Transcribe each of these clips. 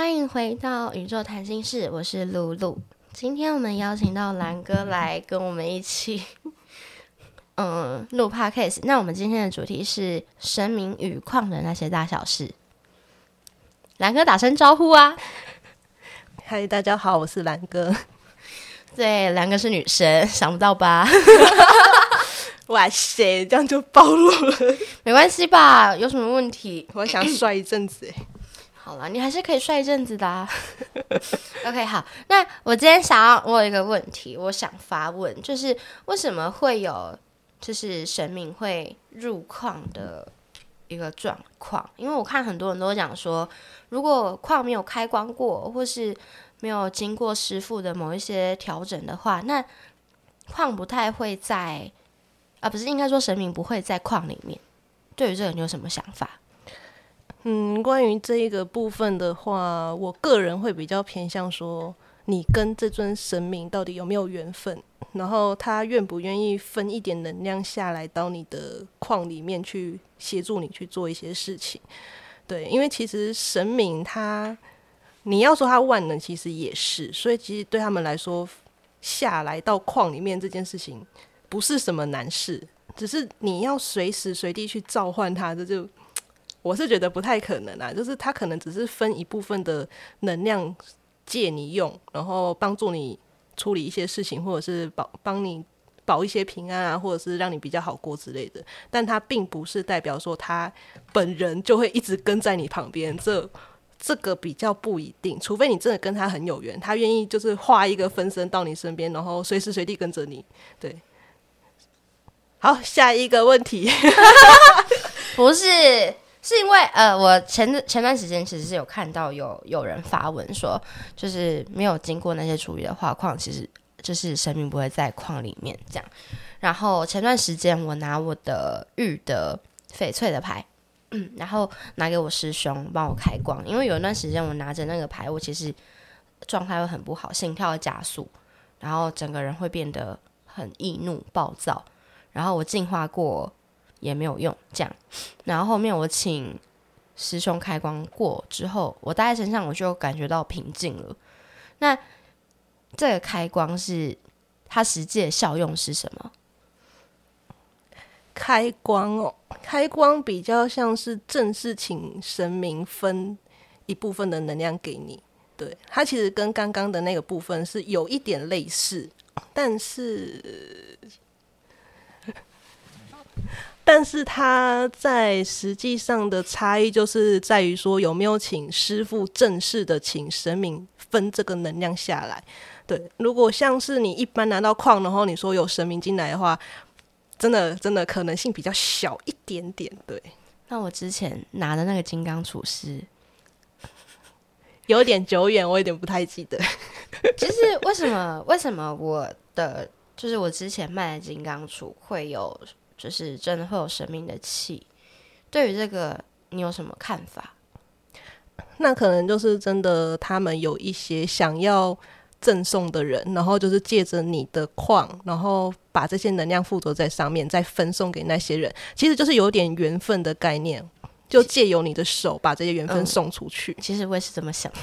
歡迎回到宇宙談心室，我是露露。今天我們邀請到瀾哥來跟我們一起，嗯，錄 podcast、 嗯、那我們今天的主題是神明與礦的那些大小事。瀾哥，打聲招呼啊！嗨，大家好，我是瀾哥。對，瀾哥是女神，想不到吧？ 哇塞，這樣就暴露了。沒關係吧？有什麼問題？我想帥一陣子。 好了，你還是可以帥一陣子的啊。 OK，好，那我今天想要問一個問題，我想發問，就是為什麼會有就是神明會入礦的一個狀況？因為我看很多人都講說，如果礦沒有開光過，或是沒有經過師傅的某一些調整的話，那礦不太會在啊，不是應該說神明不會在礦裡面。對於這個，你有什麼想法？嗯，關於這一個部分的話，我個人會比較偏向說，你跟這尊神明到底有沒有緣分，然後他願不願意分一點能量下來到你的礦裡面去協助你去做一些事情。對，因為其實神明他你要說他萬能，其實也是，所以其實對他們來說，下來到礦裡面這件事情不是什麼難事，只是你要隨時隨地去召喚他，這就。我是覺得不太可能啦，啊，就是他可能只是分一部分的能量借你用，然後幫助你處理一些事情，或者是保幫你保一些平安啊，或者是讓你比較好過之類的。但他並不是代表說他本人就會一直跟在你旁邊，這這個比較不一定，除非你真的跟他很有緣，他願意就是畫一個分身到你身邊，然後隨時隨地跟着你。對，好，下一個問題。 不是。是因為呃，我前前段時間其實是有看到有有人發文說，就是沒有經過那些處理的話，礦，其實就是生命不會在礦裡面這樣。然後前段時間我拿我的玉的翡翠的牌，嗯，然後拿給我師兄幫我開光，因為有一段時間我拿着那個牌，我其實狀態會很不好，心跳會加速，然後整個人會變得很易怒暴躁。然後我進化過。也沒有用這樣，然後後面我請師兄開光過之後，我戴在身上我就感覺到平靜了。那這個開光是它實際的效用是什麼？開光哦，開光比較像是正式請神明分一部分的能量給你，對，它其實跟剛剛的那個部分是有一點類似，但是。但是它在實際上的差異就是在於說有沒有請師傅正式的請神明分這個能量下來。對，如果像是你一般拿到礦，然後你說有神明進來的話，真的真的可能性比較小一點點。對，那我之前拿的那個金剛杵是有點久遠，我有點不太記得。其 實為什麼為什麼我的就是我之前賣的金剛杵會有？就是真的會有神明的氣，對於這個你有什麼看法？那可能就是真的，他們有一些想要贈送的人，然後就是借着你的礦，然後把這些能量附着在上面，再分送給那些人。其實就是有點緣分的概念，就借由你的手把這些緣分送出去。嗯，其實我也是這麼想的，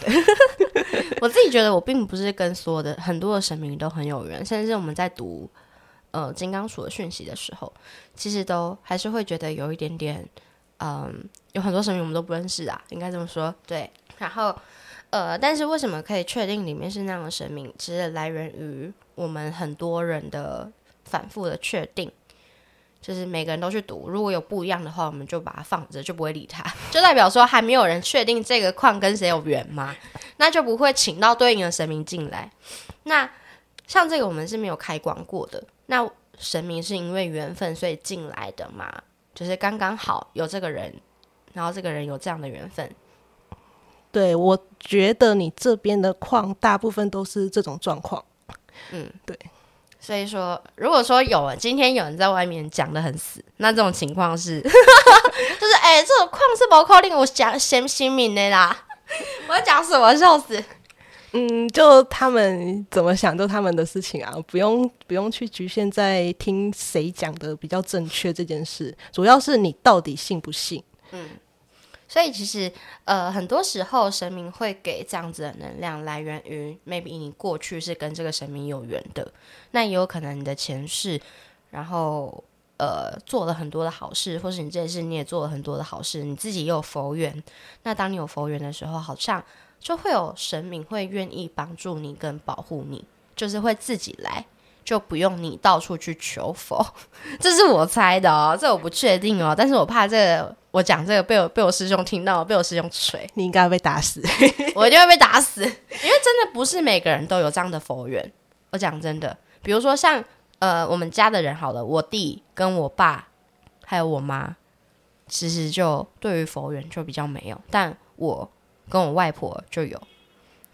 我自己覺得我並不是跟所有的很多的神明都很有緣，甚至是我們在讀。呃，金剛所訊息的時候，其實都還是會覺得有一點點，嗯，有很多神明我們都不認識啊，應該這麼說。對，然後呃，但是為什麼可以確定裡面是那樣的神明？其實來源於我們很多人的反覆的確定，就是每個人都去讀，如果有不一樣的話，我們就把它放着，就不會理它，就代表說還沒有人確定這個礦跟誰有緣嗎？那就不會請到對應的神明進來。那像這個我們是沒有開光過的。那神明是因為緣分所以進來的嘛，就是剛剛好有這個人，然後這個人有這樣的緣分。對我覺得你這邊的礦大部分都是這種狀況，嗯，對。所以說，如果說有今天有人在外面講得很死，那這種情況是， 就是哎、欸，這種礦是寶礦令，我講先心明的啦， 我要講死，我要笑死。嗯，就他們怎麼想，就他們的事情啊，不用不用去局限在聽誰講的比較正確這件事。主要是你到底信不信？嗯，所以其實呃，很多時候神明會給這樣子的能量，來源於 maybe 你過去是跟這個神明有緣的，那也有可能你的前世，然後呃做了很多的好事，或是你這件事你也做了很多的好事，你自己也有佛緣。那當你有佛緣的時候，好像。就會有神明會願意幫助你跟保護你，就是會自己來，就不用你到處去求佛。這是我猜的哦，這我不確定哦，但是我怕這個、我講這個被我被我師兄聽到，被我師兄錘，你應該會被打死， 我就會被打死，因為真的不是每個人都有這樣的佛緣。我講真的，比如說像呃我們家的人好了，我弟跟我爸還有我媽，其實就對於佛緣就比較沒有，但我。跟我外婆就有，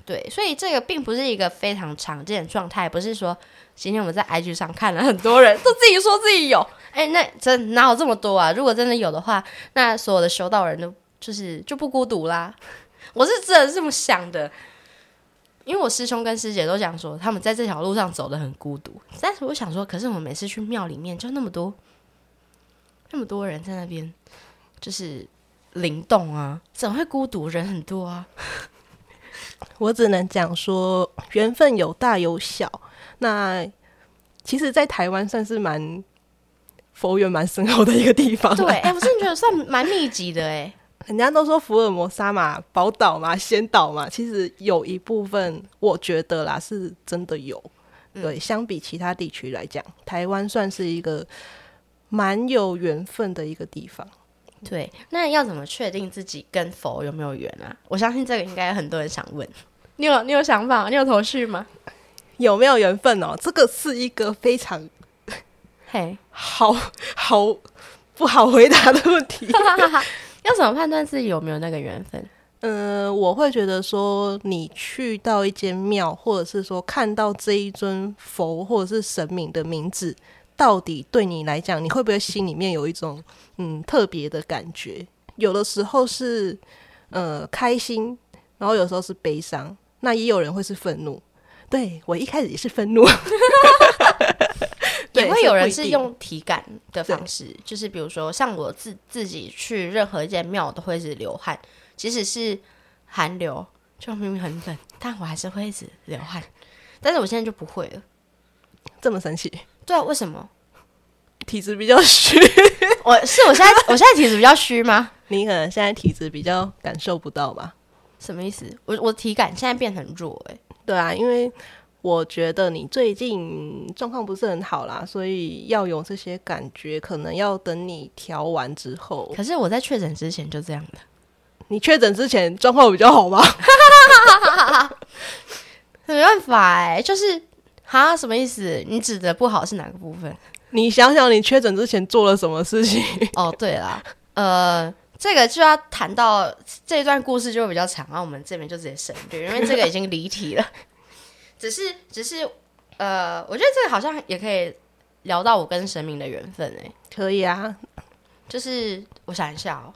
對，所以這個並不是一個非常常見的狀態，不是說今天我們在 IG 上看了很多人都自己說自己有，哎， 那這哪有這麼多啊？如果真的有的話，那所有的修道人都就是就不孤獨啦。 我是真的這麼想的，因為我師兄跟師姐都講說，他們在這條路上走得很孤獨。但是我想說，可是我們每次去廟裡面，就那麼多，那麼多人在那邊，就是。靈動啊，怎會孤獨？人很多啊，我只能講說緣分有大有小。那其實，在台灣算是蠻佛緣蠻深厚的一個地方，啊對欸。對，哎，我是覺得算蠻密集的哎、欸。人家都說福爾摩沙嘛，寶島嘛，仙島嘛，其實有一部分我覺得啦是真的有。嗯、對，相比其他地區來講，台灣算是一個蠻有緣分的一個地方。對，那要怎麼確定自己跟佛有沒有緣啊？我相信這個應該很多人想問。你有你有想法，你有頭緒嗎？有沒有緣分哦？這個是一個非常嘿 Hey. 好好，好不好回答的問題。 要怎麼判斷自己有沒有那個緣分？嗯、 呃，我會覺得說，你去到一間廟，或者是說看到這一尊佛，或者是神明的名字。到底對你來講，你會不會心裡面有一種嗯特別的感覺？有的時候是呃開心，然後有時候是悲傷，那也有人會是憤怒。對，我一開始也是憤怒， 對也會有人是用體感的方式，對就是比如說像我自自己去任何一間廟都會一直流汗，即使是寒流，就明明很冷，但我還是會一直流汗。但是我現在就不會了，這麼神奇。對啊，為什麼？體質比較虛， 我是我現在，我現在體質比較虛嗎？ 你可能現在體質比較感受不到吧？什麼意思？我我的體感現在變很弱哎、欸。對啊，因為我覺得你最近狀況不是很好啦，所以要有這些感覺，可能要等你調完之後。可是我在確診之前就這樣的，你確診之前狀況比較好嗎？ 沒辦法哎、欸，就是。哈，什麼意思？你指的不好是哪個部分？你想想，你確診之前做了什麼事情？哦，對啦，呃，這個就要談到這一段故事就會比較長，啊我們這邊就直接省略，因為這個已經離題了。 只是，只是，呃，我覺得這個好像也可以聊到我跟神明的緣分誒、欸，可以啊，就是我想一下哦、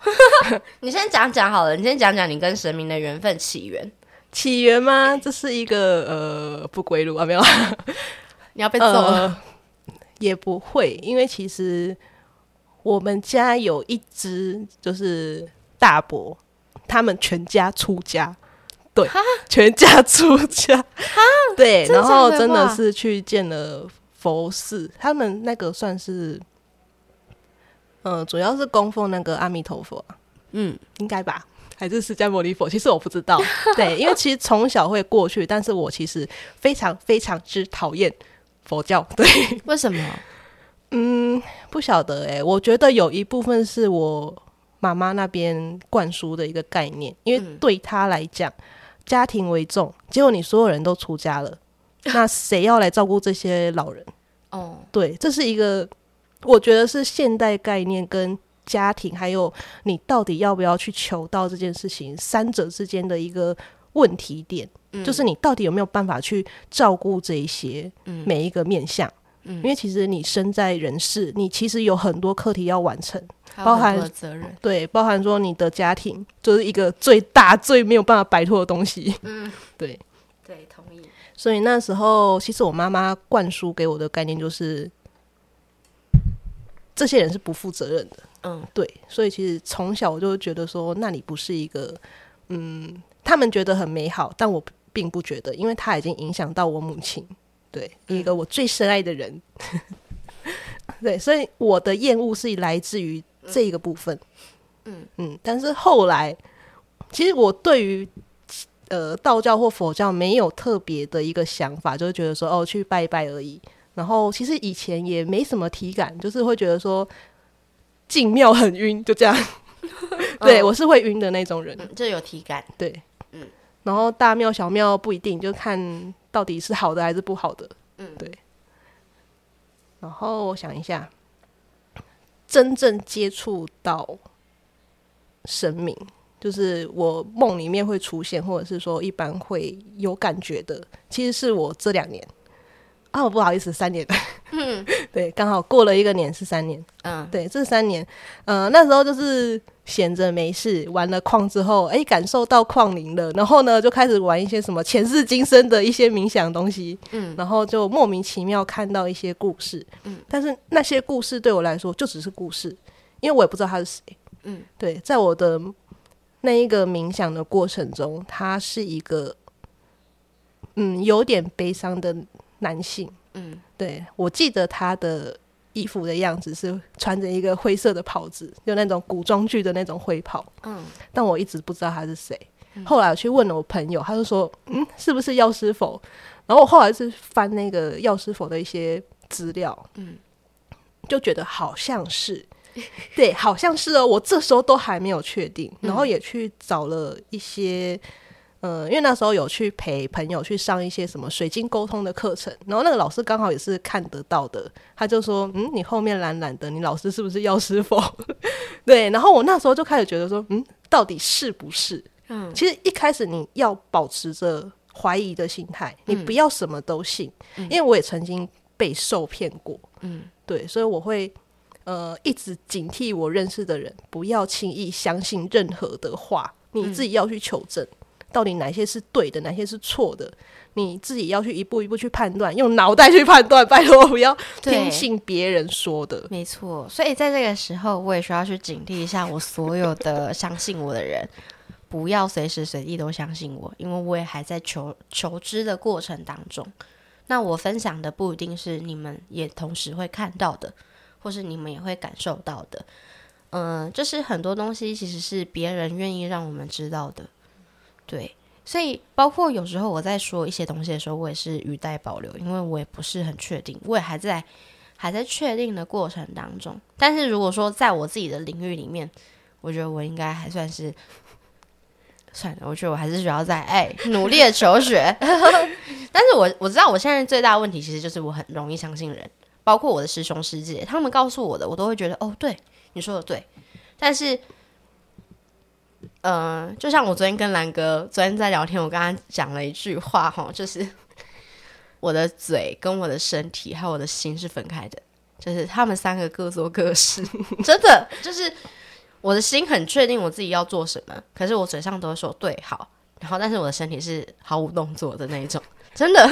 喔， 你先講講好了，你先講講你跟神明的緣分起源。起源嗎？這是一個呃不歸路啊！沒有、啊，你要被揍了、呃，也不會，因為其實我們家有一只就是大伯，他們全家出家，對，哈全家出家，哈對，然後真的是去建了佛寺，他們那個算是，嗯、呃，主要是供奉那個阿彌陀佛、啊，嗯，應該吧。還是釋迦牟尼佛？其實我不知道。對，因為其實從小會過去， 但是我其實非常非常之討厭佛教。對。為什麼、啊？嗯，不曉得哎、欸。我覺得有一部分是我媽媽那邊灌輸的一個概念，因為對她來講，嗯、家庭為重。結果你所有人都出家了，那誰要來照顧這些老人？哦、嗯，對，這是一個，我覺得是現代概念跟。家庭還有你到底要不要去求道這件事情，三者之間的一個問題點，嗯、就是你到底有沒有辦法去照顧這一些每一個面向？嗯嗯、因為其實你身在人世，你其實有很多課題要完成，包含責任，對，包含說你的家庭，就是一個最大最沒有辦法擺脫的東西。嗯，對，對，同意。所以那時候，其實我媽媽灌輸給我的概念就是，這些人是不負責任的。嗯，對，所以其實從小我就覺得說那裡不是一個，嗯，他們覺得很美好，但我並不覺得，因為它已經影響到我母親，對，一個我最深愛的人，嗯、 對，所以我的厭惡是來自於這個部分。嗯嗯，但是後來其實我對於呃道教或佛教沒有特別的一個想法，就是覺得說哦去拜一拜而已。然後其實以前也沒什麼體感，就是會覺得說。進廟很暈，就這樣。 對，我是會暈的那種人，嗯、就有體感。對，嗯。然後大廟小廟不一定，就看到底是好的還是不好的。嗯，對。然後我想一下，真正接觸到神明，就是我夢裡面會出現，或者是說一般會有感覺的，其實是我這兩年。啊，不好意思，三年。嗯，對，剛好過了一個年是三年。嗯、啊，對，這三年。嗯、呃，那時候就是閒着沒事，玩了礦之後，哎、欸，感受到礦靈了，然後呢，就開始玩一些什麼前世今生的一些冥想東西。嗯，然後就莫名其妙看到一些故事。嗯，但是那些故事對我來說就只是故事，因為我也不知道他是誰。嗯，對，在我的那一個冥想的過程中，他是一個，嗯，有點悲傷的男性，嗯，對，我記得他的衣服的樣子是穿着一個灰色的袍子，就那種古裝劇的那種灰袍，嗯，但我一直不知道他是誰。嗯、後來我去問了我朋友，他就說，嗯，是不是藥師佛？然後我後來是翻那個藥師佛的一些資料，嗯，就覺得好像是， 對，好像是哦。我這時候都還沒有確定，嗯、然後也去找了一些。嗯、呃，因為那時候有去陪朋友去上一些什麼水晶溝通的課程，然後那個老師剛好也是看得到的，他就說：“嗯，你後面懶懶的，你老師是不是藥師佛？” 對，然後我那時候就開始覺得說：“嗯，到底是不是？”嗯，其實一開始你要保持着懷疑的心態，你不要什麼都信，嗯、因為我也曾經被受騙過。嗯，對，所以我會呃一直警惕我認識的人，不要輕易相信任何的話，嗯、你自己要去求證。到底哪些是對的，哪些是錯的？你自己要去一步一步去判斷，用腦袋去判斷。拜託，不要聽信別人說的。沒錯，所以在這個時候，我也需要去警惕一下我所有的相信我的人， 不要隨時隨地都相信我，因為我也還在求求知的過程當中。那我分享的不一定是你們也同時會看到的，或是你們也會感受到的。嗯、呃，就是很多東西其實是別人願意讓我們知道的。對，所以包括有時候我在說一些東西的時候，我也是語帶保留，因為我也不是很確定，我也還在還在確定的過程當中。但是如果說在我自己的領域裡面，我覺得我應該還算是，算了，我覺得我還是需要再哎努力的求學。 但是我我知道我現在最大的問題其實就是我很容易相信人，包括我的師兄師姐，他們告訴我的，我都會覺得哦，對，你說的對。但是嗯、呃，就像我昨天跟瀾哥昨天在聊天，我跟他講了一句話哈，就是我的嘴跟我的身體還有我的心是分開的，就是他們三個各做各事。 真的就是我的心很確定我自己要做什麼，可是我嘴上都會說對好，然後但是我的身體是毫無動作的那一種，真的，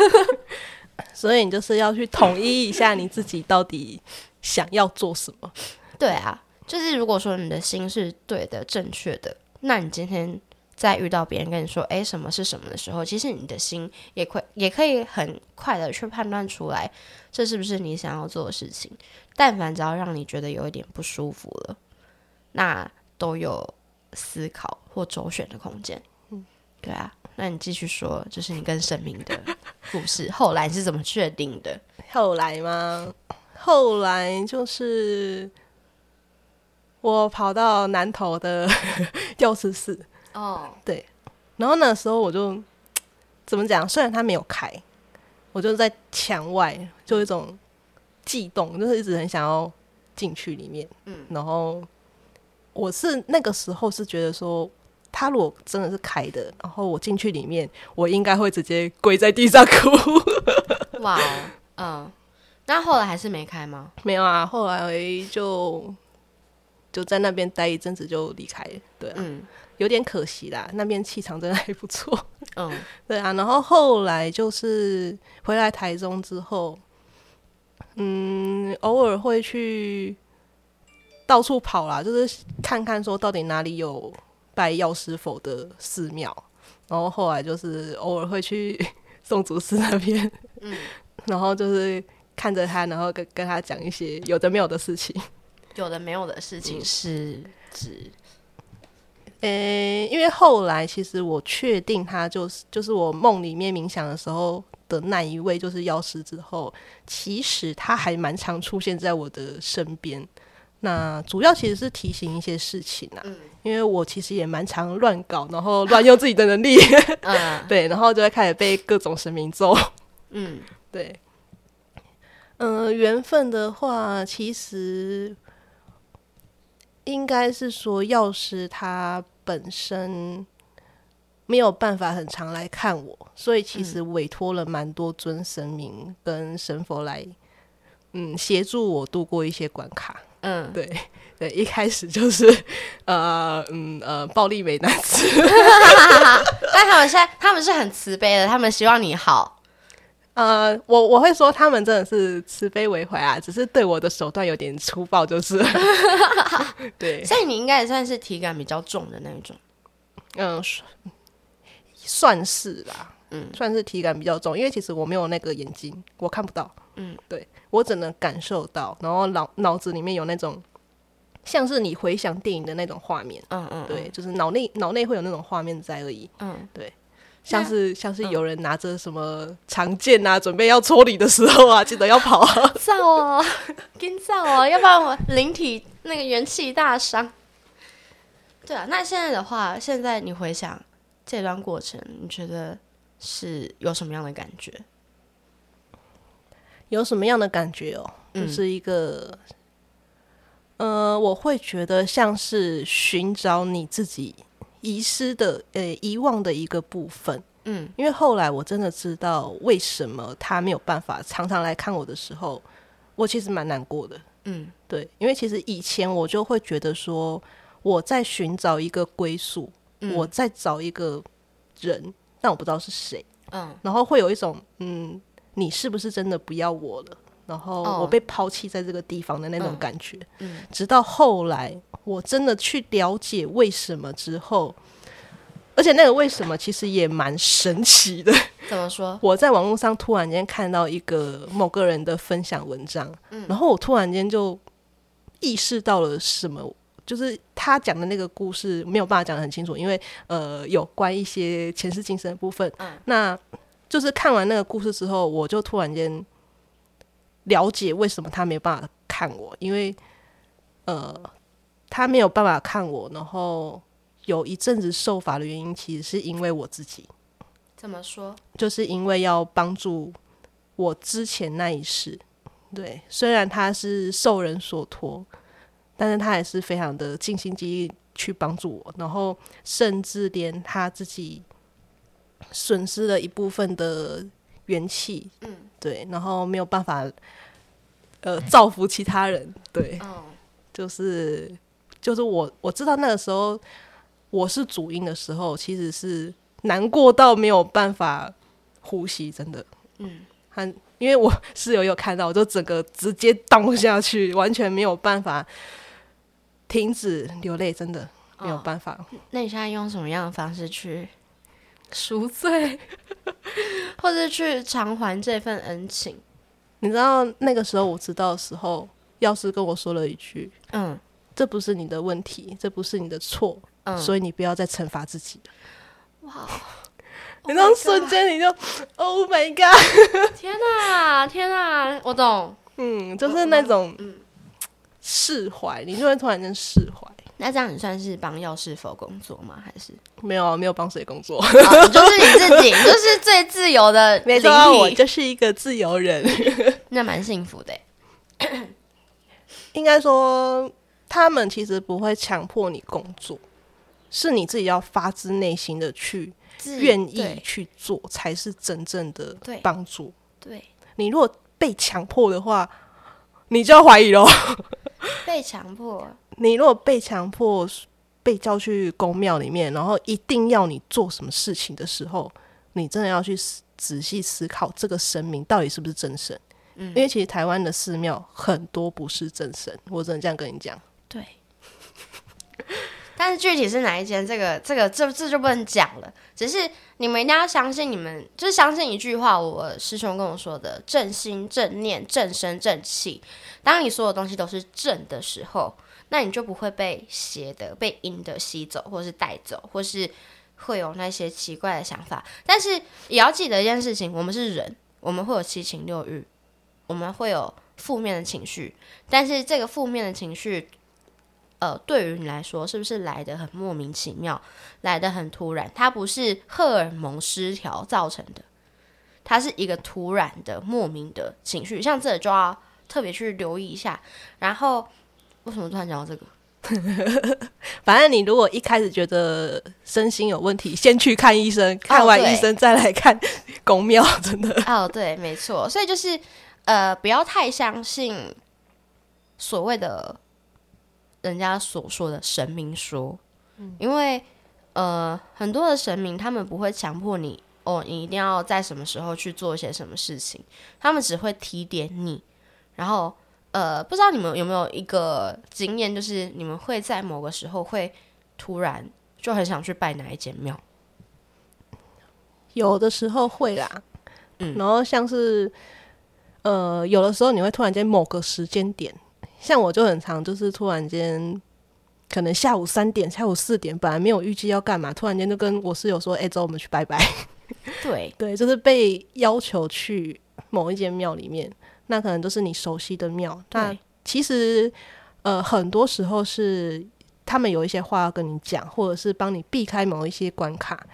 所以你就是要去統一一下你自己到底想要做什麼。 對啊，就是如果說你的心是對的、正確的。那你今天在遇到別人跟你說“誒、欸，什麼是什麼”的時候，其實你的心也可，也可以很快的去判斷出來，這是不是你想要做的事情。但凡只要讓你覺得有一點不舒服了，那都有思考或周旋的空間。嗯、對啊。那你繼續說，就是你跟神明的故事， 後來是怎麼確定的？後來嗎？後來就是。我跑到南投的鑰 匙食室哦，oh. 對，然後那個時候我就怎麼講？雖然它沒有開，我就在牆外，就有一種悸動，就是一直很想要進去裡面。嗯，然後我是那個時候是覺得說，他如果真的是開的，然後我進去裡面，我應該會直接跪在地上哭。哇哦，嗯，那後來還是沒開嗎？沒有啊，後來就。就在那邊待一陣子就離開，對、啊，嗯、有點可惜啦。那邊氣場真的還不錯，嗯、 對啊。然後後來就是回來台中之後，嗯，偶爾會去到處跑啦，就是看看說到底哪裡有拜藥師佛的寺廟。然後後來就是偶爾會去 宋祖師那邊，嗯、 然後就是看着他，然後跟跟他講一些有的沒有的事情。有的沒有的事情是指呃、欸，因為後來其實我確定他就是，就是我夢裡面冥想的時候的那一位就是藥師之後，其實他還蠻常出現在我的身邊。那主要其實是提醒一些事情啊，嗯、因為我其實也蠻常亂搞，然後亂用自己的能力， 嗯、 對，然後就會開始被各種神明揍，嗯，對，嗯、呃，緣分的話其實。應該是說，藥師他本身沒有辦法很常來看我，所以其實委托了蠻多尊神明跟神佛來，嗯，嗯，協助我度過一些關卡。嗯，對，對，一開始就是，呃，嗯，呃，暴力美男子， 但他們現在他們是很慈悲的，他們希望你好。呃，我我會說他們真的是慈悲為懷啊，只是對我的手段有點粗暴，就是。 對，所以 你應該也算是體感比較重的那一種。嗯，算是吧。嗯，算是體感比較重，因為其實我沒有那個眼睛，我看不到。嗯，對，我只能感受到，然後腦腦子裡面有那種像是你回想電影的那種畫面。嗯，嗯嗯，對，就是腦內腦內會有那種畫面在而已。嗯，對。像是、啊、像是有人拿着什麼長劍啊，嗯、準備要戳你的時候啊，記得要跑啊！走啊，緊走啊！ 要不然我靈體那個元氣大傷。對啊，那現在的話，現在你回想這段過程，你覺得是有什麼樣的感覺？有什麼樣的感覺哦？就、嗯、是一個，呃，我會覺得像是尋找你自己。遺失的，呃、欸，遺忘的一個部分，嗯，因為後來我真的知道為什麼他沒有辦法常常來看我的時候，我其實蠻難過的，嗯，對，因為其實以前我就會覺得說我在尋找一個歸宿，嗯、我在找一個人，但我不知道是誰，嗯，然後會有一種，嗯，你是不是真的不要我了？然後我被拋棄在這個地方的那種感覺，哦嗯、直到後來我真的去了解為什麼之後，而且那個為什麼其實也蠻神奇的。怎麼說？我在網絡上突然間看到一個某個人的分享文章，嗯、然後我突然間就意識到了什麼，就是他講的那個故事沒有辦法講得很清楚，因為呃，有關一些前世今生的部分，嗯、那就是看完那個故事之後，我就突然間。了解為什麼他沒有辦法看我，因為呃，他沒有辦法看我。然後有一陣子受罰的原因，其實是因為我自己。怎麼說？就是因為要幫助我之前那一世。對，雖然他是受人所托，但是他也是非常的盡心盡力去幫助我。然後，甚至連他自己損失了一部分的。元氣，嗯，對，然後沒有辦法，呃，造福其他人，嗯、對、嗯，就是，就是就是我我知道那個時候我是主音的時候，其實是難過到沒有辦法呼吸，真的，嗯，很，因為我室友有，有看到，我就整個直接倒下去，嗯、完全沒有辦法停止流淚，真的、嗯、沒有辦法、哦。那你現在用什麼樣的方式去？贖罪，或者去償還這份恩情。你知道那個時候我知道的時候，藥師跟我說了一句：“嗯，這不是你的問題，這不是你的錯，嗯、所以你不要再懲罰自己哇！ 你那種、oh、瞬間你就，Oh my god！ 天哪、啊，天哪、啊！我懂，嗯，就是那種釋懷，你就會突然間釋懷。那這樣你算是幫藥師佛工作嗎？還是沒有啊？沒有幫誰工作，啊、就是你自己， 就是最自由的。沒錯我，我就是一個自由人。 那蠻幸福的。 應該說，他們其實不會強迫你工作，是你自己要發自內心的去願意去做，對才是真正的幫助。對，對你，如果被強迫的話，你就懷疑嘍。 被強迫。你如果被強迫被叫去宮廟裡面，然後一定要你做什麼事情的時候，你真的要去仔細思考這個神明到底是不是真神？嗯，因為其實台灣的寺廟很多不是真神，我真的這樣跟你講。對。 但是具體是哪一間，這個、這個、這這就不能講了。只是你們一定要相信，你們就是相信一句話，我師兄跟我說的：正心、正念、正身、正氣。當你所有東西都是正的時候。那你就不會被邪的、被陰的吸走，或是帶走，或是會有那些奇怪的想法。但是也要記得一件事情：我們是人，我們會有七情六欲，我們會有負面的情緒。但是這個負面的情緒，呃，對於你來說，是不是來得很莫名其妙，來得很突然？它不是荷爾蒙失調造成的，它是一個突然的、莫名的情緒。像這個就要特別去留意一下，然後。為什麼突然講到這個？ 反正你如果一開始覺得身心有問題，先去看醫生，看完醫生再來看宮廟，oh, 對，真的哦，oh, 對，沒錯。所以就是呃，不要太相信所謂的人家所說的神明說，嗯，因為呃，很多的神明他們不會強迫你哦，你一定要在什麼時候去做一些什麼事情，他們只會提點你，然後。呃，不知道你們有沒有一個經驗，就是你們會在某個時候會突然就很想去拜哪一間廟？有的時候會啦，嗯，然後像是呃，有的時候你會突然間某個時間點，像我就很常就是突然間可能下午三點、下午四點，本來沒有預計要幹嘛，突然間就跟我室友說：“哎，走，我們去拜拜。” 對對，就是被要求去某一間廟裡面。那可能都是你熟悉的廟。但對其實，呃，很多時候是他們有一些話要跟你講，或者是幫你避開某一些關卡。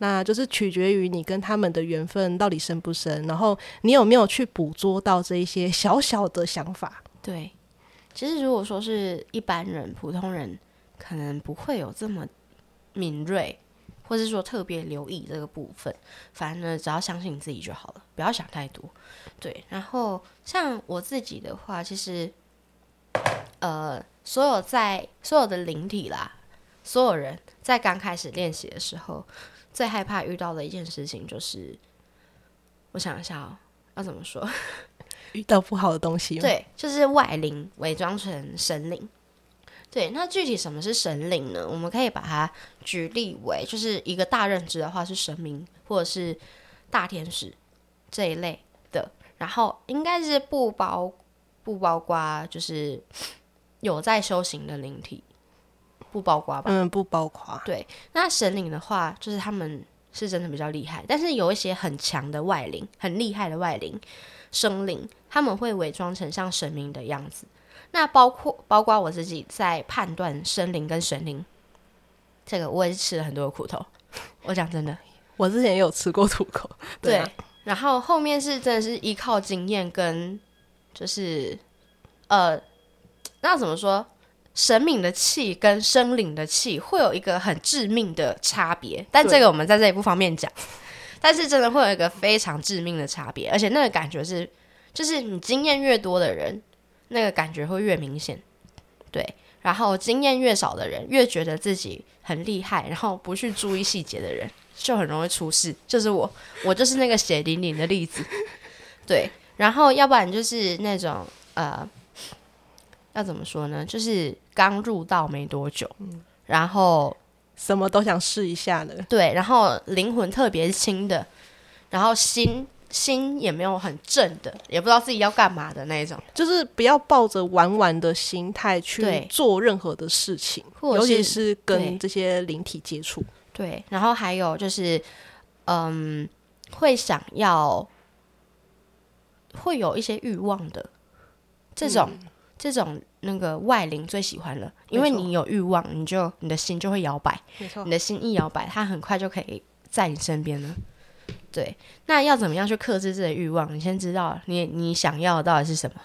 那就是取決於你跟他們的緣分到底深不深，然後你有沒有去捕捉到這一些小小的想法。對，其實如果說是一般人、普通人，可能不會有這麼敏銳。或是說特別留意這個部分，反正呢，只要相信你自己就好了，不要想太多。對，然後像我自己的話，其實，呃，所有在所有的靈體啦，所有人在剛開始練習的時候，最害怕遇到的一件事情就是，我想一下哦，要怎麼說？遇到不好的東西？對，就是外靈偽裝成神靈。對，那具體什麼是神靈呢？我們可以把它舉例為，就是一個大認知的話是神明或者是大天使這一類的，然後應該是不包不包括，就是有在修行的靈體，不包括吧？嗯，不包括。對，那神靈的話，就是他們是真的比較厲害，但是有一些很強的外靈，很厲害的外靈，生靈，他們會偽裝成像神明的樣子。那包括包括我自己在判斷生靈跟神靈，這個我也是吃了很多苦頭。我講真的， 我之前也有吃過苦頭。對，對啊。然後後面是真的是依靠經驗跟就是呃，那怎麼說？神明的氣跟生靈的氣會有一個很致命的差別？但這個我們在這裡不方便講。對但是真的會有一個非常致命的差別，而且那個感覺是，就是你經驗越多的人。那個感覺會越明顯，對。然後經驗越少的人，越覺得自己很厲害，然後不去注意細節的人，就很容易出事。就是我，我就是那個血淋淋的例子。 對。然後，要不然就是那種呃，要怎麼說呢？就是剛入道沒多久，嗯、然後什麼都想試一下的。對。然後靈魂特別輕的，然後心。心也沒有很正的，也不知道自己要幹嘛的那一種，就是不要抱着玩玩的心態去做任何的事情，對尤其是跟這些靈體接觸。對，然後還有就是，嗯，會想要，會有一些欲望的，這種、嗯、這種那個外靈最喜歡了，錯因為你有欲望，你就你的心就會搖擺，沒錯錯，你的心一搖擺，它很快就可以在你身邊了。對，那要怎麼樣去克制這個慾望？你先知道你你想要的到底是什麼？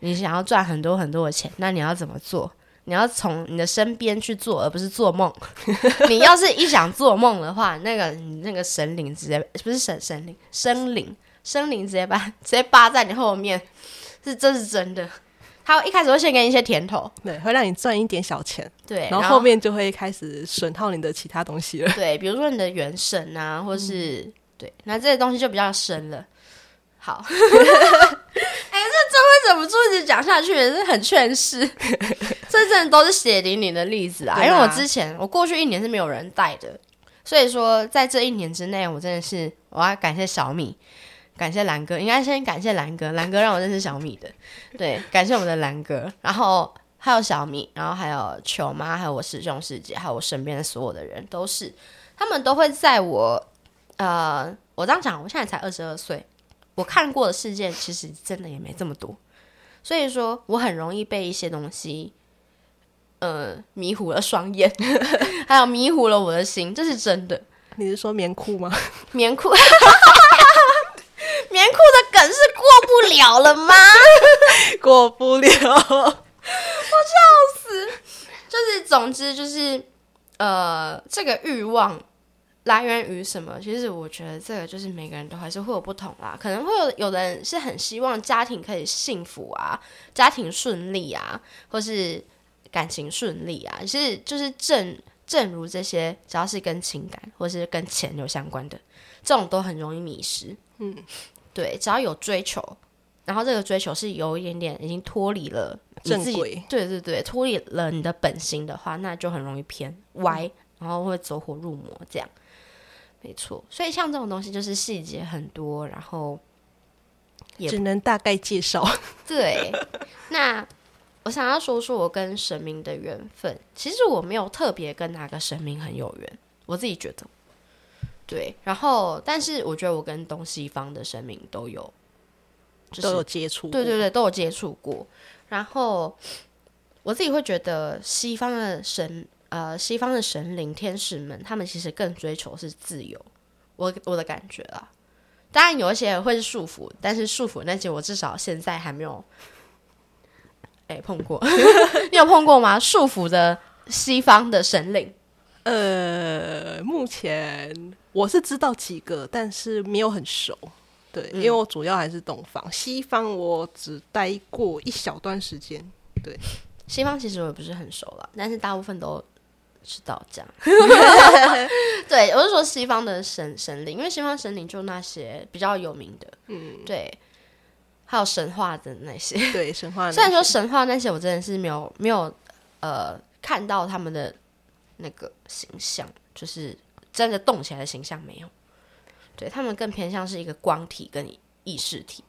你想要賺很多很多的錢，那你要怎麼做？你要從你的身邊去做，而不是做夢。 你要是一想做夢的話，那個你那個神靈直接不是神神靈生靈生靈直接把直接扒在你後面，是這是真的。他一開始會先給你一些甜頭，對，會讓你賺一點小錢，對，然後，然後後面就會開始損耗你的其他東西了。對，比如說你的元神啊，或是。嗯對，那這些東西就比較深了。好，哎、 欸，這這會怎麼忍不住一直講下去？也是很勸世， 這真的都是血淋淋的例子啊。吧因為我之前我過去一年是沒有人帶的，所以說在這一年之內，我真的是我要感謝小米，感謝瀾哥，應該先感謝瀾哥，瀾哥讓我認識小米的。對，感謝我們的瀾哥，然後還有小米，然後還有球媽，還有我師兄師姐，還有我身邊的所有的人，都是他們都會在我。呃，我這樣講，我現在才二十二歲，我看過的世界其實真的也沒這麼多，所以說，我很容易被一些東西，呃，迷糊了雙眼，還有迷糊了我的心，這是真的。你是說棉褲嗎？棉褲酷笑，棉褲的梗是過不了了嗎？過不了，我笑死。就是，總之就是，呃，這個慾望。來源於什麼？其實我覺得這個就是每個人都還是會有不同啦、啊。可能會有有人是很希望家庭可以幸福啊，家庭順利啊，或是感情順利啊。其實就是正正如這些，只要是跟情感或是跟錢有相關的，這種都很容易迷失。嗯，對，只要有追求，然後這個追求是有一點點已經脫離了你自己正軌，對對對，脫離了你的本心的話，那就很容易偏歪，嗯、然後會走火入魔這樣。沒錯，所以像這種東西就是細節很多，然後也只能大概介紹。對， 那我想要說說我跟神明的緣分。其實我沒有特別跟哪個神明很有緣，我自己覺得。對，然後但是我覺得我跟東西方的神明都有，就是都有接觸。對對對，都有接觸過。然後我自己會覺得西方的神。呃，西方的神靈、天使們，他們其實更追求的是自由，我我的感覺啊。當然有一些會是束縛，但是束縛那些我至少現在還沒有，哎、欸、碰過。 你有碰過嗎？束縛的西方的神靈？呃，目前我是知道幾個，但是沒有很熟。對，嗯、因為我主要還是東方，西方我只待過一小段時間。對，西方其實我也不是很熟了，但是大部分都。知道這樣 對，對我是說西方的神神靈，因為西方神靈就那些比較有名的，嗯，對，還有神話的那些，對神話的。雖然說神話那些，我真的是沒有沒有呃看到他們的那個形象，就是真的動起來的形象沒有。對他們更偏向是一個光體跟你意識體，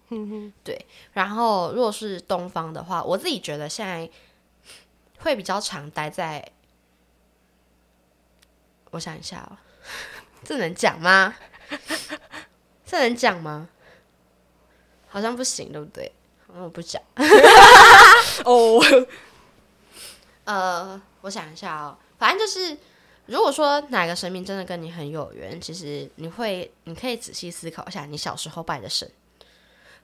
對。然後，如果是東方的話，我自己覺得現在會比較常待在。我想一下哦，這能講嗎？ 這能講嗎？好像不行，對不對？我不講。哦、 oh， 呃，我想一下哦，反正就是，如果說哪個神明真的跟你很有緣，其實你會，你可以仔細思考一下，你小時候拜的神，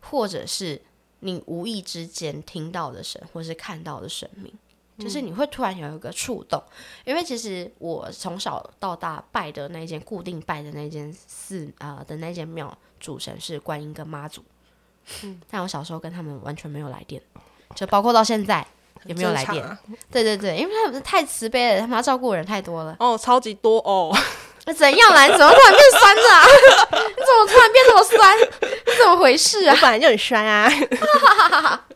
或者是你無意之間聽到的神，或是看到的神明。就是你會突然有一個觸動，嗯、因為其實我從小到大拜的那間固定拜的那間寺啊、呃、的那間廟主神是觀音跟媽祖，嗯、但我小時候跟他們完全沒有來電，就包括到現在也沒有來電。啊、對對對，因為他們是太慈悲了，他們要照顧人太多了。哦，超級多哦！那怎樣來？怎麼突然變酸了、啊？ 你怎麼突然變這麼酸？ 你怎麼回事啊？我本來就很酸啊！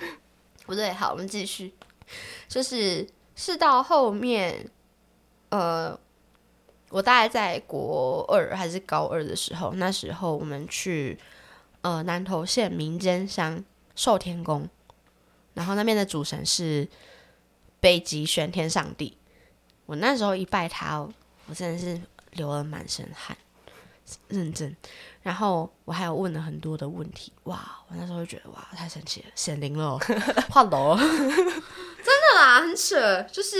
不對，好，我們繼續。就是是到後面，呃，我大概在國二還是高二的時候，那時候我們去呃南投縣名間鄉受天宮，然後那邊的主神是北極玄天上帝，我那時候一拜他，我真的是流了滿身汗，認真，然後我還有問了很多的問題，哇，我那時候就覺得哇，太神奇了，顯靈了，畫龍 樓。 啊，很扯，就是，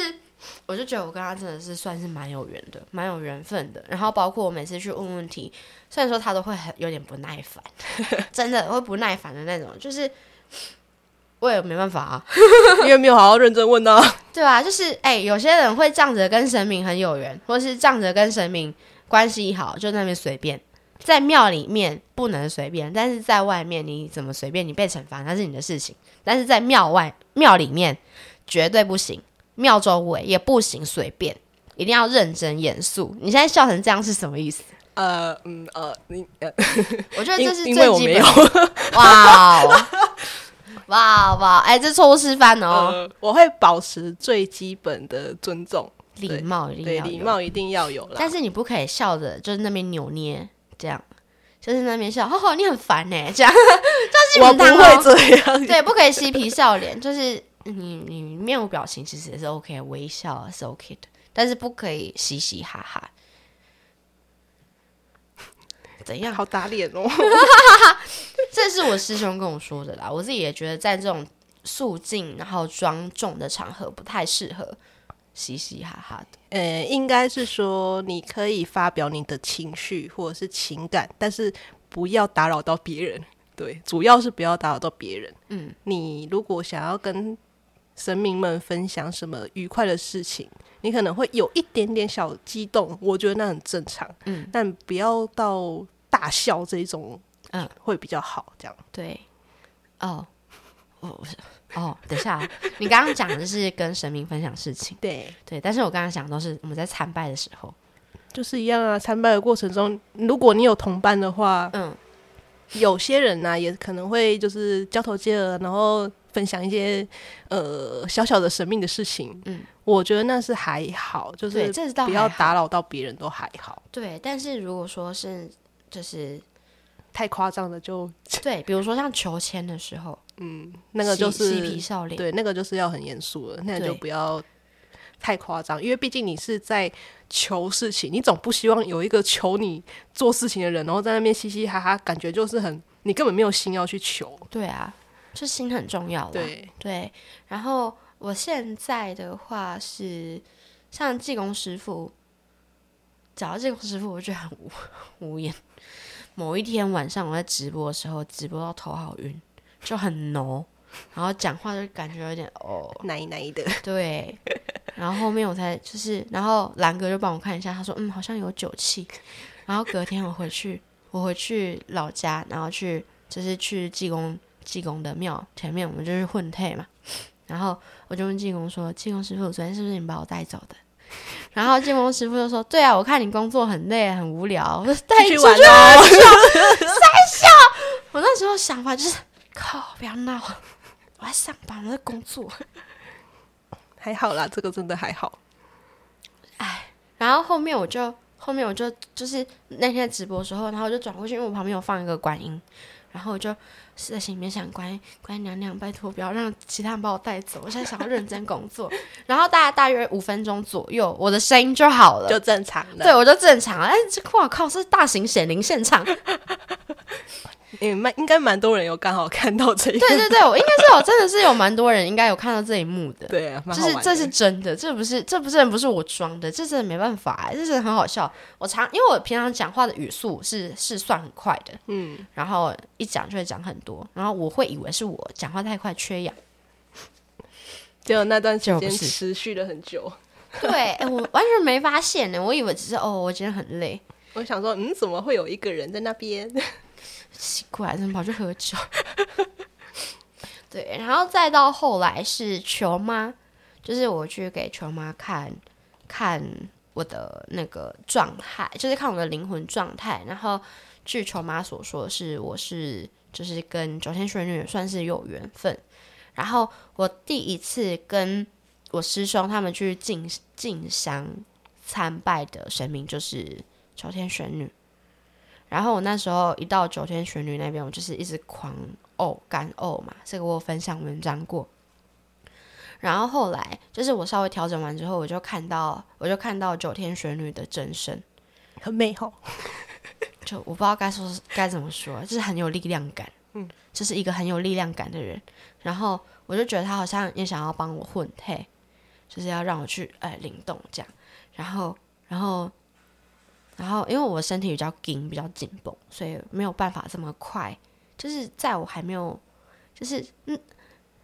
我就覺得我跟他真的是算是蠻有緣的，蠻有緣分的。然後包括我每次去問問題，雖然說他都會很有點不耐煩， 真的會不耐煩的那種，就是我也沒辦法啊，因為沒有好好認真問吶，對啊？就是誒，有些人會仗着跟神明很有緣，或者是仗着跟神明關係好，就那邊隨便，在廟裡面不能隨便，但是在外面你怎麼隨便，你被懲罰那是你的事情，但是在廟外廟裡面。絕對不行，廟周圍也不行隨，隨便，一定要認真嚴肅。你現在笑成這樣是什麼意思？呃，嗯，呃，你，呃，我覺得這是最基本的。哇，哇哇！哎，這錯誤示範哦、呃。我會保持最基本的尊重、禮貌，對，禮貌一定要有。要有，但是你不可以笑着，就是那邊扭捏這樣，就是那邊笑哦，你很煩哎、欸，這樣。就哦、我不會這樣，對，不可以嬉皮笑臉，就是。你你面無表情其實也是 OK，微笑也是 OK 的，但是不可以嘻嘻哈哈。怎樣？好打臉哦！ 這是我師兄跟我說的啦， 我自己也覺得在這種肅靜然後莊重的場合不太適合嘻嘻哈哈的。呃，應該是說你可以發表你的情緒或者是情感，但是不要打擾到別人。對，主要是不要打擾到別人。嗯，你如果想要跟神明們分享什麼愉快的事情，你可能會有一點點小激動，我覺得那很正常，嗯，但不要到大笑這一種，嗯，會比較好，這樣。對，哦，哦，我 哦，等一下啊， 你剛剛講的是跟神明分享事情，對， 對，但是我剛剛講都是我們在參拜的時候，就是一樣啊。參拜的過程中，如果你有同伴的話，嗯，有些人呢啊， 也可能會就是交頭接耳，然後。分享一些呃小小的神秘的事情，嗯，我覺得那是還好，就是不要打擾到別人都還好。對，但是如果說是就是太誇張的，就對，比如說像求籤的時候， 嗯，那個就是嬉皮笑臉，對，那個就是要很嚴肅了，那個就不要太誇張，因為畢竟你是在求事情，你總不希望有一個求你做事情的人，然後在那邊嘻嘻哈哈，感覺就是很，你根本沒有心要去求，對啊。就心很重要了，對，對。然後我現在的話是像技工師傅，找到技工師傅我覺得很無無言。某一天晚上我在直播的時候，直播到頭好暈，就很濃， 然後講話就感覺有點哦，奶奶的。對。然後後面我才就是，然後瀾哥就幫我看一下，他說嗯，好像有酒氣。然後隔天我回去， 我回去老家，然後去就是去技工。濟公的廟前面，我們就是混退嘛。然後我就問濟公說：“濟公師傅，昨天是不是你把我帶走的？”然後濟公師傅就說 ：“對啊，我看你工作很累很無聊，我就帶去玩啦、啊。”三， 笑。我那時候想法就是：“靠，不要鬧，我還上班，我在工作。 ”還好啦，這個真的還好。唉，然後後面我就，後面我就就是那天直播時候，然後我就轉過去，因為我旁邊有放一個觀音，然後我就。是在心裡面想，乖，乖，娘娘，拜託，不要讓其他人把我帶走。我現在想要認真工作。 然後大概大約五分鐘左右，我的聲音就好了，就正常了，對，我就正常了。哎、欸，這我靠，是大型顯靈現場。 嗯，蠻、欸、應該蠻多人有剛好看到這一，對對對，我應該是有，真的是有蠻多人應該有看到這一幕的。 對啊，這、就是這是真的，這不是這不是不是我裝的，這是沒辦法，這是很好笑。我常因為我平常講話的語速是是算很快的，嗯，然後一講就會講很多，然後我會以為是我講話太快缺氧，結果那段時間持續了很久。對，我完全沒發現呢，我以為只是哦，我今天很累，我想說，嗯，怎麼會有一個人在那邊？奇怪，怎麼跑去喝酒？ 對，然後再到後來是球媽，就是我去給球媽看看我的那個狀態，就是看我的靈魂狀態。然後據球媽所說是，是我是就是跟九天玄女算是有緣分。然後我第一次跟我師兄他們去進進香參拜的神明就是九天玄女。然後我那時候一到九天玄女那邊，我就是一直狂嘔、哦、乾嘔、哦、嘛，這個我有分享文章過。然後後來就是我稍微調整完之後，我就看到，我就看到九天玄女的真身，很美好。 就我不知道該說該怎麼說，就是很有力量感，嗯，就是一個很有力量感的人。然後我就覺得他好像也想要幫我混配，就是要讓我去哎靈、呃、動這樣，然後然後。然後，因為我身體比較緊，比較緊繃，所以沒有辦法這麼快。就是在我還沒有，就是嗯，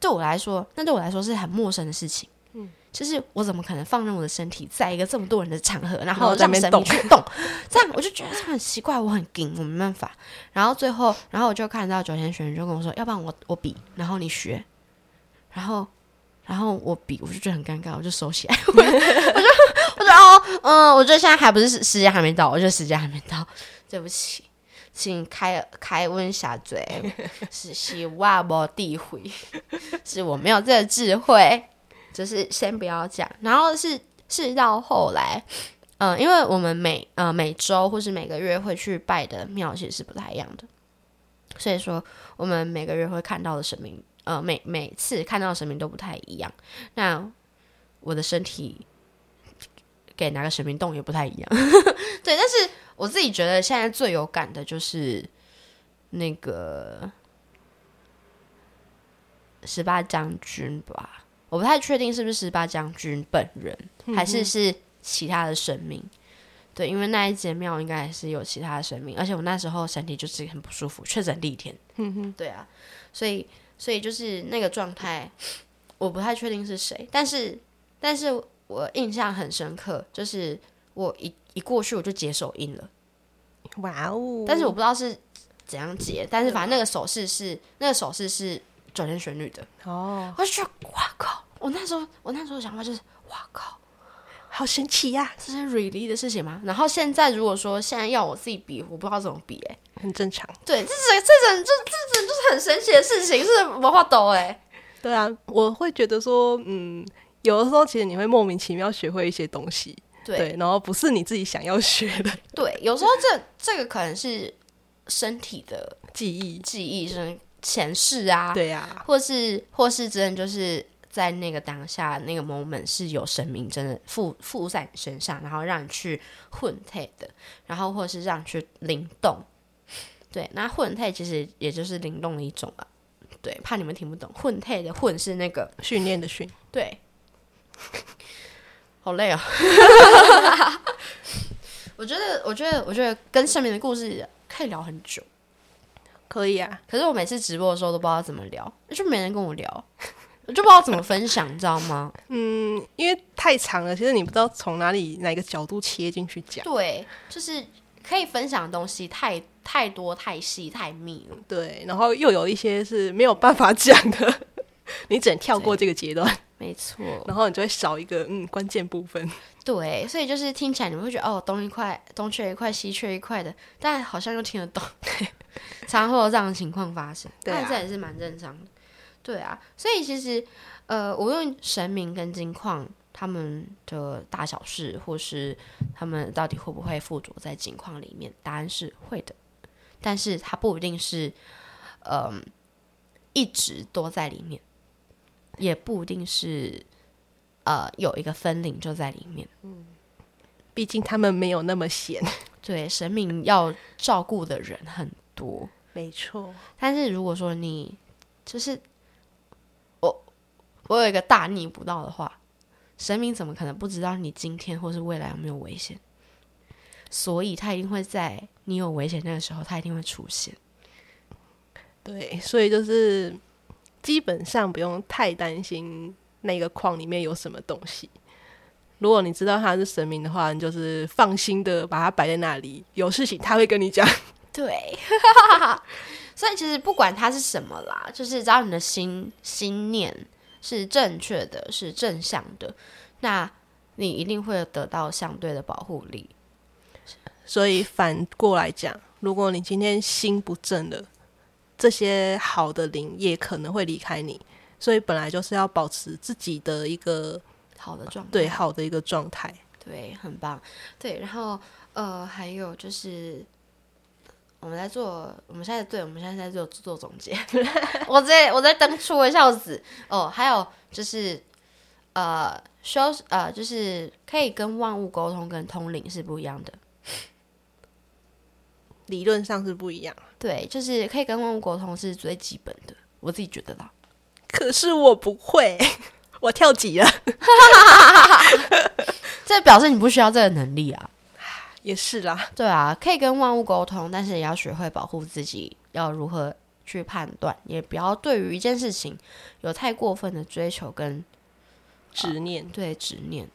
對我來說，那對我來說是很陌生的事情。嗯，就是我怎麼可能放任我的身體在一個這麼多人的場合，然後讓身體去動？動這樣我就覺得很奇怪，我很緊，我沒辦法。然後最後，然後我就看到九千學員就跟我說：“要不然我我比，然後你學。”然後，然後我比，我就覺得很尷尬，我就收起來。哈哈 我說哦，嗯、呃，我覺得現在還不是時間，還沒到。我覺得時間還沒到，對不起，請開開溫下嘴，是新挖不地回，是我沒有這個智慧，就是先不要講。然後是是到後來，嗯、呃，因為我們每呃每周或是每個月會去拜的廟，其實是不太一樣的，所以說我們每個月會看到的神明，呃，每每次看到的神明都不太一樣。那我的身體。給哪個神明動也不太一樣， 對，但是我自己覺得現在最有感的就是那個十八將軍吧，我不太確定是不是十八將軍本人，嗯、哼還是是其他的神明，對，因為那一間廟應該也是有其他的神明，而且我那時候身體就是很不舒服，確診第一天，嗯哼，對啊，所以，所以就是那個狀態，嗯、我不太確定是誰，但是，但是。我印象很深刻，就是我一一過去我就解手印了，哇哦！但是我不知道是怎樣解，但是反正那個手勢是那個手勢是轉成旋律的哦。我去，哇靠！我那時候我那時候的想法就是哇靠，好神奇呀！啊！這是 really 的事情嗎？然後現在如果說現在要我自己比，我不知道怎麼比，欸，哎，很正常。對，這這這這這就是很神奇的事情，是沒辦法懂，欸、哎。對啊，我會覺得說，嗯。有的時候，其實你會莫名其妙學會一些東西，對，對，然後不是你自己想要學的。對，有時候這 這個可能是身體的記憶，記憶，是前世啊，對啊，或是或是真的就是在那個當下那個 moment 是有神明真的附附，附在你身上，然後讓你去混 t 的，然後或是讓你去靈動。對，那混 t 其實也就是靈動的一種啊。對，怕你們聽不懂混 t 的混是那個訓練的訓，對。 好累啊！ 我覺得，我覺得，我覺得跟上面的故事可以聊很久，可以啊。可是我每次直播的時候都不知道怎麼聊，就沒人跟我聊，我就不知道怎麼分享， 你知道嗎？嗯，因為太長了，其實你不知道從哪裡、哪個角度切進去講。對，就是可以分享的東西太太多、太細、太密了。對，然後又有一些是沒有辦法講的， 你只能跳過這個階段。沒錯，然後你就會少一個，嗯，關鍵部分。對，所以就是聽起來你會覺得哦，東一塊東缺一塊西缺一塊的，但好像又聽得懂， 常、常會有這樣的情況發生，對啊，但這也是蠻正常的。對啊，所以其實呃，無論神明跟金礦他們的大小事，或是他們到底會不會附着在金礦裡面，答案是會的，但是它不一定是嗯、呃、一直都在裡面。也不一定是，呃，有一個分靈就在裡面。嗯，畢竟他們沒有那麼閒。對，神明要照顧的人很多。沒錯。但是如果說你就是我，我有一個大逆不道的話，神明怎麼可能不知道你今天或是未來有沒有危險？所以，他一定會在你有危險那個時候，他一定會出現。對，對，所以就是。基本上不用太擔心那個礦裡面有什麼東西。如果你知道他是神明的話，你就是放心的把它擺在那裡。有事情他會跟你講。對， 所以其實不管他是什麼啦，就是只要你的心心念是正確的，是正向的，那你一定會得到相對的保護力。所以反過來講，如果你今天心不正的。這些好的靈也可能會離開你，所以本來就是要保持自己的一個好的狀態。對，好的一個狀態，對，很棒，對。然後呃，還有就是我們在做，我們現在對我們現在在做做總結， 我在我在等出微笑子哦。還有就是呃，修呃，就是可以跟萬物溝通，跟通靈是不一樣的。理論上是不一樣，對，就是可以跟萬物溝通是最基本的，我自己覺得啦。可是我不會，我跳級了， 這表示你不需要這個能力啊。也是啦，對啊，可以跟萬物溝通，但是也要學會保護自己，要如何去判斷，也不要對於一件事情有太過分的追求跟執念，啊，對，執念。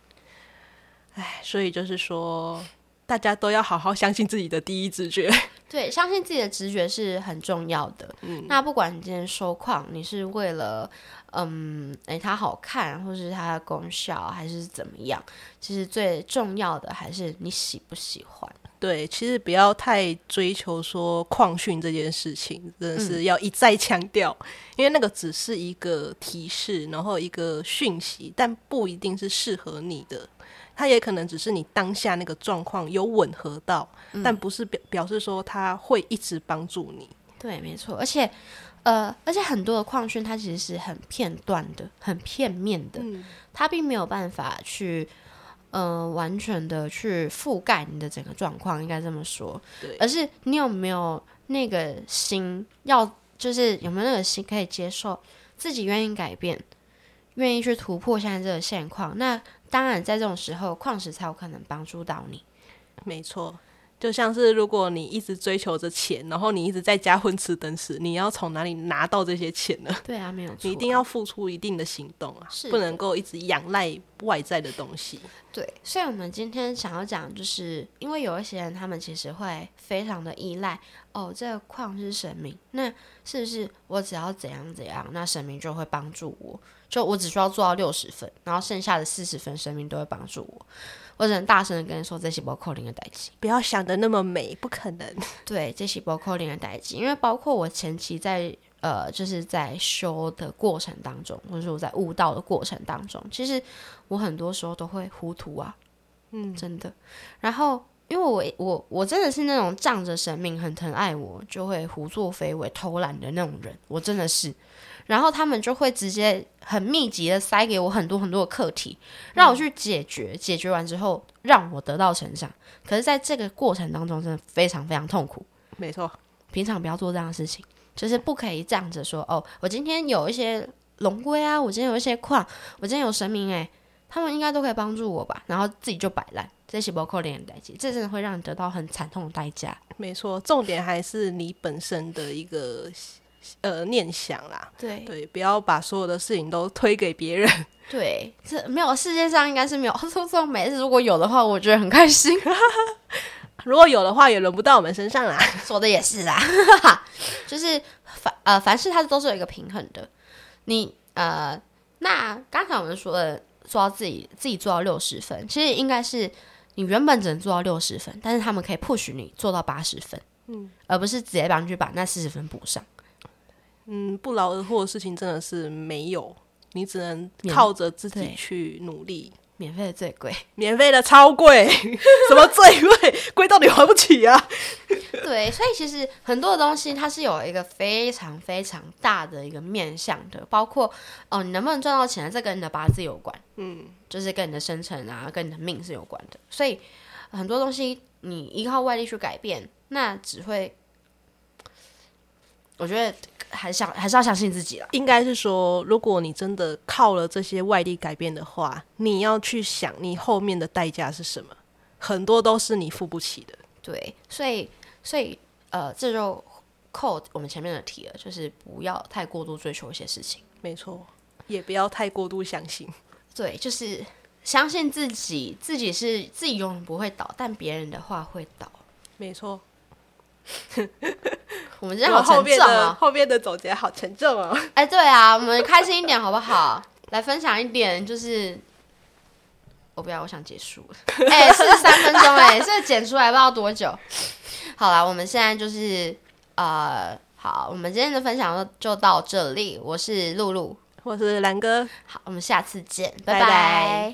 唉，所以就是說。大家都要好好相信自己的第一直覺。對，相信自己的直覺是很重要的。嗯，那不管你今天收礦，你是為了嗯，誒、欸、它好看，或是它的功效，還是怎麼樣，其實最重要的還是你喜不喜歡。對，其實不要太追求說礦訓這件事情，真的是要一再強調，嗯、因為那個只是一個提示，然後一個訊息，但不一定是適合你的。它也可能只是你當下那個狀況有吻合到，嗯、但不是表表示說它會一直幫助你。對，沒錯。而且，呃，而且很多的礦訓它其實是很片段的，很片面的，嗯、它並沒有辦法去，呃，完全的去覆蓋你的整個狀況，應該這麼說。對。而是你有沒有那個心要，要就是有沒有那個心可以接受自己願意改變，願意去突破現在這個現況？那當然，在這種時候，礦石才有可能幫助到你。沒錯，就像是如果你一直追求着錢，然後你一直在家混吃等死，你要從哪裡拿到這些錢呢？對啊，沒有錯、啊，錯，你一定要付出一定的行動啊，是的不能夠一直仰賴外在的東西。對，所以，我們今天想要講，就是因為有一些人，他們其實會非常的依賴哦，這個礦石神明，那是不是我只要怎樣怎樣，那神明就會幫助我？就我只需要做到六十分，然後剩下的四十分神明都會幫助我。我只能大聲的跟你說，這是無可能的代誌，不要想得那麼美，不可能。 對，這是無可能的代誌，因為包括我前期在呃，就是在修的過程當中，或者說我在悟道的過程當中，其實我很多時候都會糊塗啊，嗯，真的。然後，因為我我我真的是那種仗着神明很疼愛我，就會胡作非為、偷懶的那種人，我真的是。然後他們就會直接很密集的塞給我很多很多的課題，讓我去解決。嗯、解決完之後，讓我得到成長。可是在這個過程當中，真的非常非常痛苦。沒錯，平常不要做這樣的事情，就是不可以這樣子說哦。我今天有一些龍龜啊，我今天有一些礦，我今天有神明哎，他們應該都可以幫助我吧？然後自己就擺爛，這些包括連帶，這真的會讓你得到很慘痛的代價。沒錯，重點還是你本身的一個。呃，念想啦，對對，不要把所有的事情都推給別人，對，這沒有世界上應該是沒有這種美事，如果有的話，我覺得很開心。 如果有的話，也輪不到我們身上啦，說的也是啦， 就是凡呃凡事它都是有一個平衡的。你呃，那剛才我們說的做到自己自己做到六十分，其實應該是你原本只能做到六十分，但是他們可以 push 你做到八十分，嗯，而不是直接幫去把那四十分補上。嗯，不勞而獲的事情真的是沒有，你只能靠着自己去努力。免費的最貴，免費的超貴， 什麼最貴？貴 到你還不起啊！ 對，所以其實很多的東西，它是有一個非常非常大的一個面向的，包括哦、呃，你能不能賺到錢，這跟你的八字有關，嗯，就是跟你的生辰啊，跟你的命是有關的。所以很多東西，你依靠外力去改變，那只會，我覺得還想還是要相信自己啦。應該是說，如果你真的靠了這些外力改變的話，你要去想你後面的代價是什麼？很多都是你付不起的。對，所以所以呃，這就扣我們前面的題了，就是不要太過度追求一些事情。沒錯，也不要太過度相信。對，就是相信自己，自己是自己永遠不會倒，但別人的話會倒。沒錯。 我們今天好沉重啊、喔嗯！後面的總結好沉重哦、喔。哎、欸，對啊，我們開心一點好不好？ 來分享一點，就是我不要，我想結束了。哎、欸，43分鐘，哎、欸，這 剪出來不知道多久。好啦，我們現在就是呃，好，我們今天的分享就到這裡。我是露露，我是瀾哥，好，我們下次見，拜拜。拜拜。